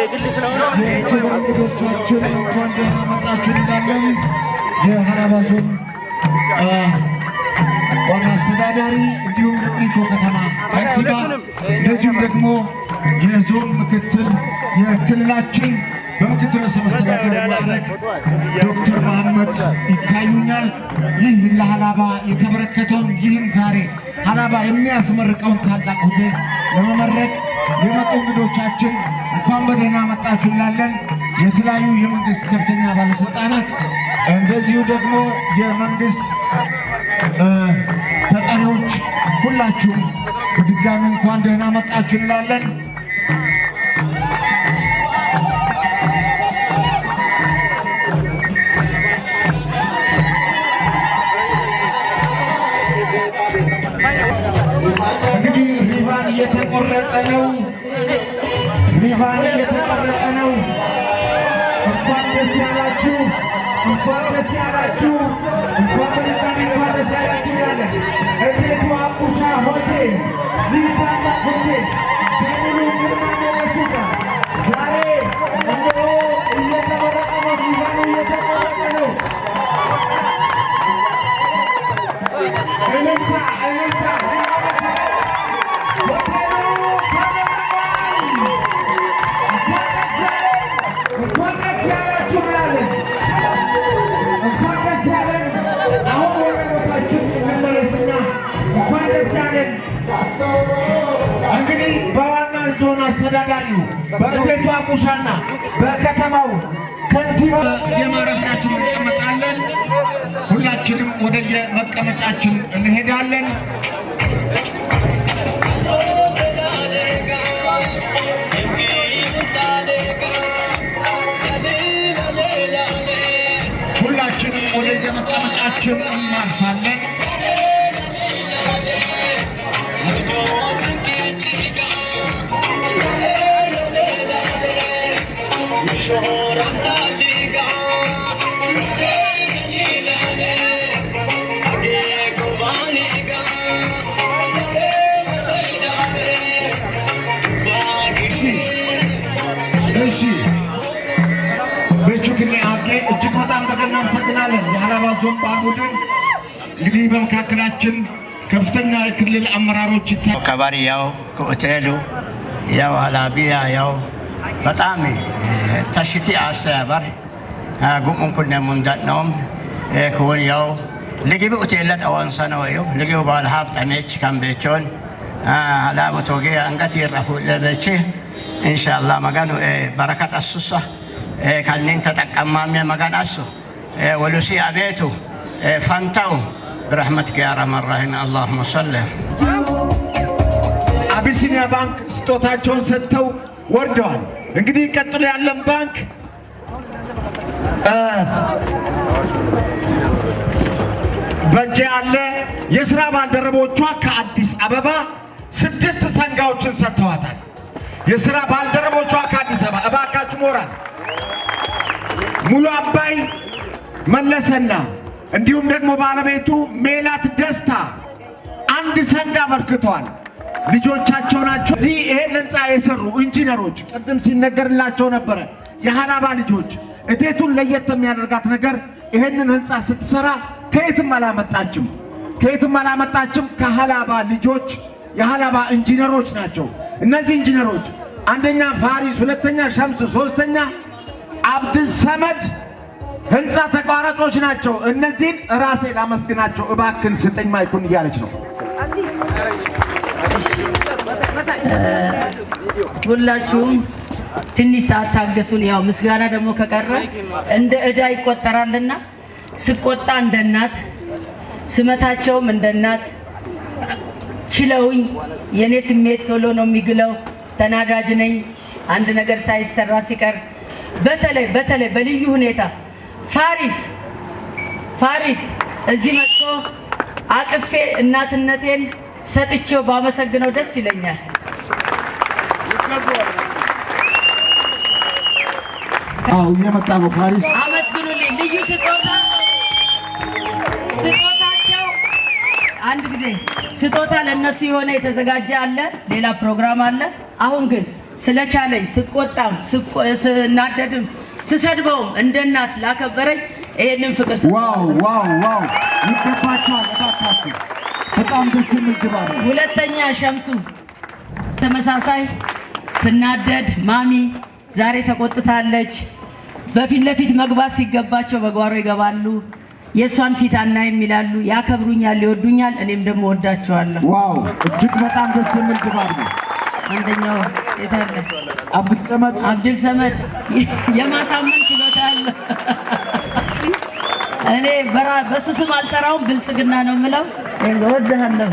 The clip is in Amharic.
የግል ስለሆነ እንግዶቻችን እንኳን ደህና መጣችሁ እንላለን። የሀላባ ዞን ዋና አስተዳዳሪ እንዲሁም የቅሊቶ ከተማ ከንቲባ እንደዚሁም ደግሞ የዞን ምክትል የክልላችን በምክትል ርዕሰ መስተዳድር ማዕረግ ዶክተር መሐመድ ይታዩኛል። ይህ ለሀላባ የተበረከተውን ይህን ዛሬ ሀላባ የሚያስመርቀውን ታላቅ ሆቴል ለመመረቅ የመጡ እንግዶቻችን እንኳን በደህና መጣችሁ እንላለን። የተለያዩ የመንግስት ከፍተኛ ባለስልጣናት እንደዚሁ ደግሞ የመንግስት ተጠሪዎች ሁላችሁም በድጋሚ እንኳን ደህና መጣችሁ እንላለን። የተቆረጠ ነው። ሪቫን የተቆረጠ ነው። እንኳን ደስ ያላችሁ፣ እንኳን ደስ ያላችሁ። አስተዳዳሪው በእቴቷ ቁሻና በከተማው ከንቲባ የማረፊያችን እንቀመጣለን። ሁላችንም ወደየ መቀመጫችን እንሄዳለን። ዞባ ቡድን እንግዲህ በመካከላችን ከፍተኛ የክልል አመራሮች ይታ ከባሪ ያው ከሆቴሉ ያው አላቢያ ያው በጣም ተሽቲ አሰበር ጉምኡን ኩነ ሙንደነውም ክውን ያው ልግቢ ኡቴለት አወንሰነው እዩ ልግቢ ባል ሀብት አሜች ከምቤቾን ሀላቡ ቶጌ አንገት ይረፉ ለበቼ ኢንሻአላህ መጋኑ በረከት አሱሳ ካልኔን ተጠቀማሜ መጋን አሱ ወሉሲ አቤቱ ፋንታው ብረሕመትከ ያ አርሐመ አላሁመ ሰለ። አቢሲኒያ ባንክ ስጦታቸውን ሰጥተው ወርደዋል። እንግዲህ ቀጥሎ ያለን ባንክ በእጄ ያለ የስራ ባልደረቦቿ ከአዲስ አበባ ስድስት ሰንጋዎችን ሰጥተዋታል። የሥራ ባልደረቦቿ ከአዲስ አበባ እባካችሁ ሞራል ሙሉ አባይ መለሰና እንዲሁም ደግሞ ባለቤቱ ሜላት ደስታ አንድ ሰንጋ አበርክተዋል። ልጆቻቸው ናቸው። እዚህ ይሄን ህንፃ የሰሩ ኢንጂነሮች ቅድም ሲነገርላቸው ነበረ። የሀላባ ልጆች እቴቱን ለየት የሚያደርጋት ነገር ይሄንን ህንፃ ስትሰራ ከየትም አላመጣችም፣ ከየትም አላመጣችም። ከሀላባ ልጆች የሀላባ ኢንጂነሮች ናቸው። እነዚህ ኢንጂነሮች አንደኛ ፋሪስ፣ ሁለተኛ ሸምስ፣ ሶስተኛ አብድሰመድ ህንፃ ተቋራጮች ናቸው። እነዚህን ራሴ ላመስግናቸው እባክን ስጠኝ ማይኩን እያለች ነው። ሁላችሁም ትንሽ ሰዓት ታገሱን። ያው ምስጋና ደግሞ ከቀረ እንደ እዳ ይቆጠራልና ስቆጣ እንደ እናት ስመታቸውም እንደ እናት ችለውኝ የእኔ ስሜት ቶሎ ነው የሚግለው። ተናዳጅ ነኝ። አንድ ነገር ሳይሰራ ሲቀር በተለይ በተለይ በልዩ ሁኔታ ፋሪስ ፋሪስ እዚህ መጥቶ አቅፌ እናትነቴን ሰጥቼው ባመሰግነው ደስ ይለኛል። አዎ እየመጣ ነው ፋሪስ። አመስግኑልኝ። ልዩ ስጦታ ስጦታቸው አንድ ጊዜ ስጦታ ለእነሱ የሆነ የተዘጋጀ አለ፣ ሌላ ፕሮግራም አለ። አሁን ግን ስለቻለኝ ስቆጣም ስናደድም ስሰድበውም እንደ እናት ላከበረኝ ይሄንን ፍቅር ዋው ዋው ዋው ይገባቸዋል። እባካችሁ በጣም ደስ የሚል ድባብ። ሁለተኛ ሸምሱ ተመሳሳይ ስናደድ ማሚ ዛሬ ተቆጥታለች። በፊት ለፊት መግባት ሲገባቸው በጓሮ ይገባሉ። የእሷን ፊት አናይም ይላሉ። ያከብሩኛል፣ ይወዱኛል። እኔም ደግሞ ወዳቸዋለሁ። ዋው እጅግ በጣም ደስ የሚል ድባብ ነው። አንደኛው የታለ አብዱል ሰመድ አብዱል ሰመድ የማሳመን ችሎታ አለ። እኔ በሱ ስም አልጠራውም፣ ብልጽግና ነው የምለው። እወድሃለሁ።